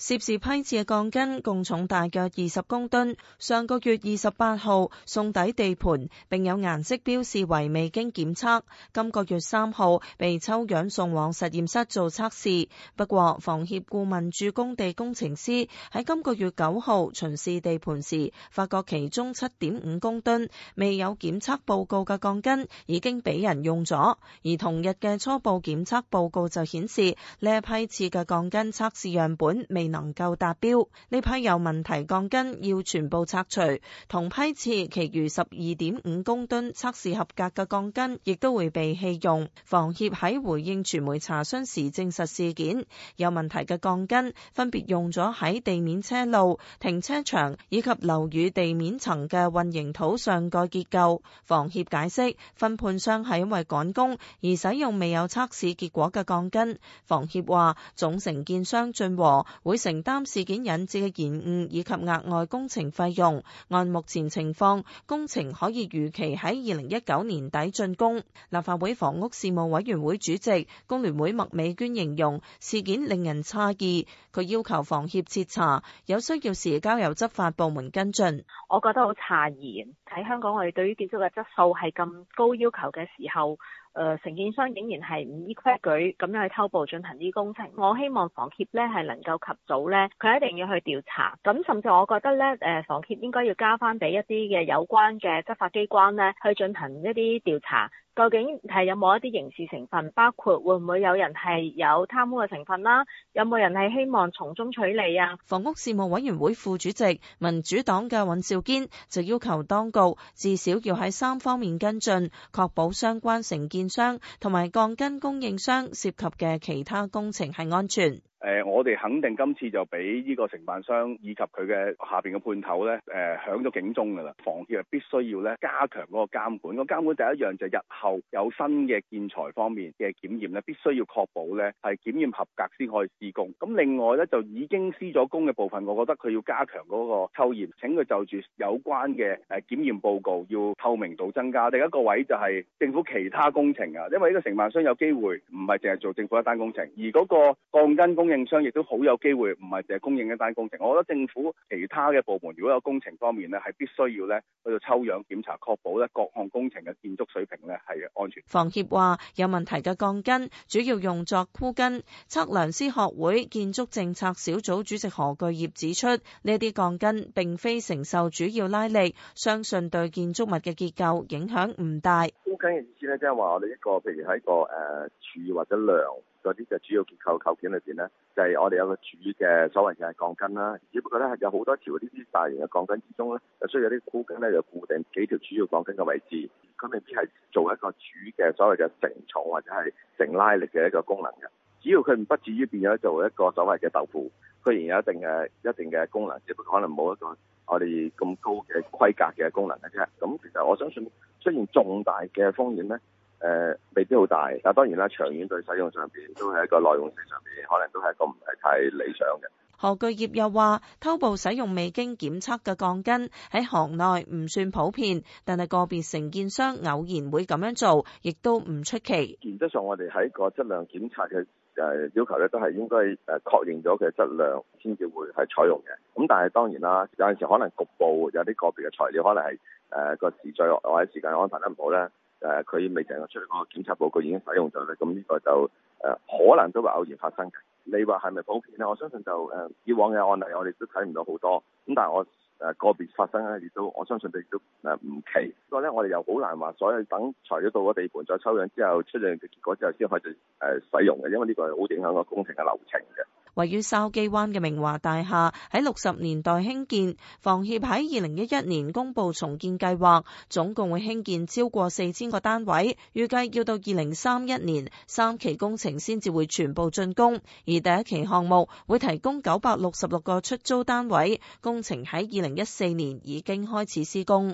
涉事批次嘅鋼筋共重大約二十公噸，上個月二十八號送抵地盤，並有顏色標示為未經檢測。今個月三號被抽樣送往實驗室做測試。不過，房協顧問駐工地工程師喺今個月九號巡視地盤時，發覺其中七點五公噸未有檢測報告嘅鋼筋已經俾人用咗，而同日嘅初步檢測報告就顯示呢一批次嘅鋼筋測試樣本未能夠達標，呢批有問題鋼筋要全部拆除，同批次其餘十二點五公噸測試合格嘅鋼筋亦都會被棄用。房協喺回應傳媒查詢時證實事件，有問題嘅鋼筋分別用咗喺地面車路、停車場以及樓宇地面層嘅混凝土上蓋結構。房協解釋，分判商係因為趕工而使用未有測試結果嘅鋼筋。房協話，總承建商進和會。承擔事件引致嘅延誤以及額外工程費用。按目前情況，工程可以預期喺二零一九年底竣工。立法會房屋事務委員會主席、工聯會麥美娟形容事件令人詫異，佢要求房協徹查，有需要時交由執法部門跟進。我覺得好詫異。喺香港，我哋對於建築嘅質素係咁高要求嘅時候，誒、呃、承建商竟然係唔依規矩咁樣去偷步進行啲工程，我希望房協咧係能夠及早咧，佢一定要去調查。咁甚至我覺得咧，誒房協應該要交翻俾一啲嘅有關嘅執法機關咧，去進行一啲調查。究竟係有冇一啲刑事成分？包括會唔會有人係有貪污嘅成分啦？有冇人係希望從中取利啊？房屋事務委員會副主席民主黨嘅尹兆堅就要求當局至少要喺三方面跟進，確保相關承建商同埋鋼筋供應商涉及嘅其他工程係安全。誒、呃，我哋肯定今次就俾呢個承辦商以及佢嘅下邊嘅判頭呢，誒響咗警鐘噶啦，房協係必須要呢加強嗰個監管。個監管第一樣就係日後有新嘅建材方面嘅檢驗呢，必須要確保呢係檢驗合格先可以施工。咁另外呢，就已經施咗工嘅部分，我覺得佢要加強嗰個抽驗，請佢就住有關嘅誒檢驗報告要透明度增加。另一個位就係政府其他工程啊，因為呢個承辦商有機會唔係淨係做政府一單工程，而嗰個鋼筋工。供應商亦都好有機會，唔係淨係供應一單工程。我覺得政府其他嘅部門如果有工程方面呢，係必須要呢去到抽樣檢查，確保呢各項工程嘅建築水平呢係安全。房協話有問題嘅鋼筋主要用作箍筋。測量師學會建築政策小組主席何巨業指出，呢啲鋼筋並非承受主要拉力，相信對建築物嘅結構影響唔大。箍筋嘅意思呢，即係話我哋一個譬如喺一個、呃、柱或者梁。嗰啲就主要結構構件裏邊咧，就係、是、我哋有個主嘅所謂嘅鋼筋啦。只不過咧，係有好多條呢啲大型嘅鋼筋之中咧，就需要有啲箍筋咧就固定幾條主要鋼筋嘅位置。佢未必係做一個主嘅所謂嘅承重或者係承拉力嘅一個功能嘅。只要佢唔至於變咗做一個所謂嘅豆腐，仍然有一定嘅一定嘅功能，只不過可能冇一個我哋咁高嘅規格嘅功能嘅啫。咁其實我相信，雖然重大嘅風險咧。誒，未必好大，但當然啦，長遠對使用上邊都係一個耐用性上邊，可能都係一個唔係太理想嘅。何巨業又話，偷步使用未經檢測嘅鋼筋喺行內唔算普遍，但係個別承建商偶然會咁樣做，亦都唔出奇。原則上，我哋喺個質量檢查嘅誒要求咧，都係應該誒確認咗嘅質量先至會係採用嘅。咁但係當然啦，有陣時可能局部有啲個別嘅材料，可能係誒個時序或者時間安排得唔好咧。誒佢未定，我出嚟嗰個檢測報告已經使用咗咧，咁、嗯、呢、呢個就誒、啊、可能都會偶然發生嘅。你話係咪普遍咧？我相信就誒、啊、以往嘅案例，我哋都睇唔到好多。咁、嗯、但係我誒、啊、個別發生咧，亦都我相信佢亦都誒唔奇。不過咧，我哋又好難話，所以等材料到咗地盤，再抽樣之後，出嚟嘅結果之後，先可以誒使用嘅。因為呢個係好影響個工程嘅流程嘅。位於筲箕灣嘅明華大廈喺六十年代興建，房協喺二零一一年公布重建計劃，總共會興建超過四千個單位，預計要到二零三一年三期工程先至會全部竣工，而第一期項目會提供九百六十六個出租單位，工程喺二零一四年已經開始施工。